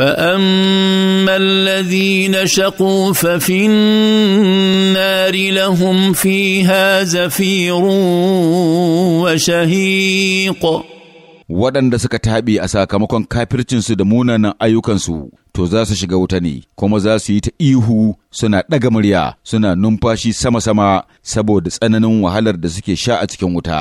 فاما الذين شقوا ففي النار لهم فيها زفير وشهيق waɗanda suka taɓe a sakamakon kafircinsu da munanan ayyukansu to za su shiga wuta ne kuma za su yi ta ihu suna ɗaga murya suna numfashi sama-sama saboda tsananin wahalar da suke sha a cikin wuta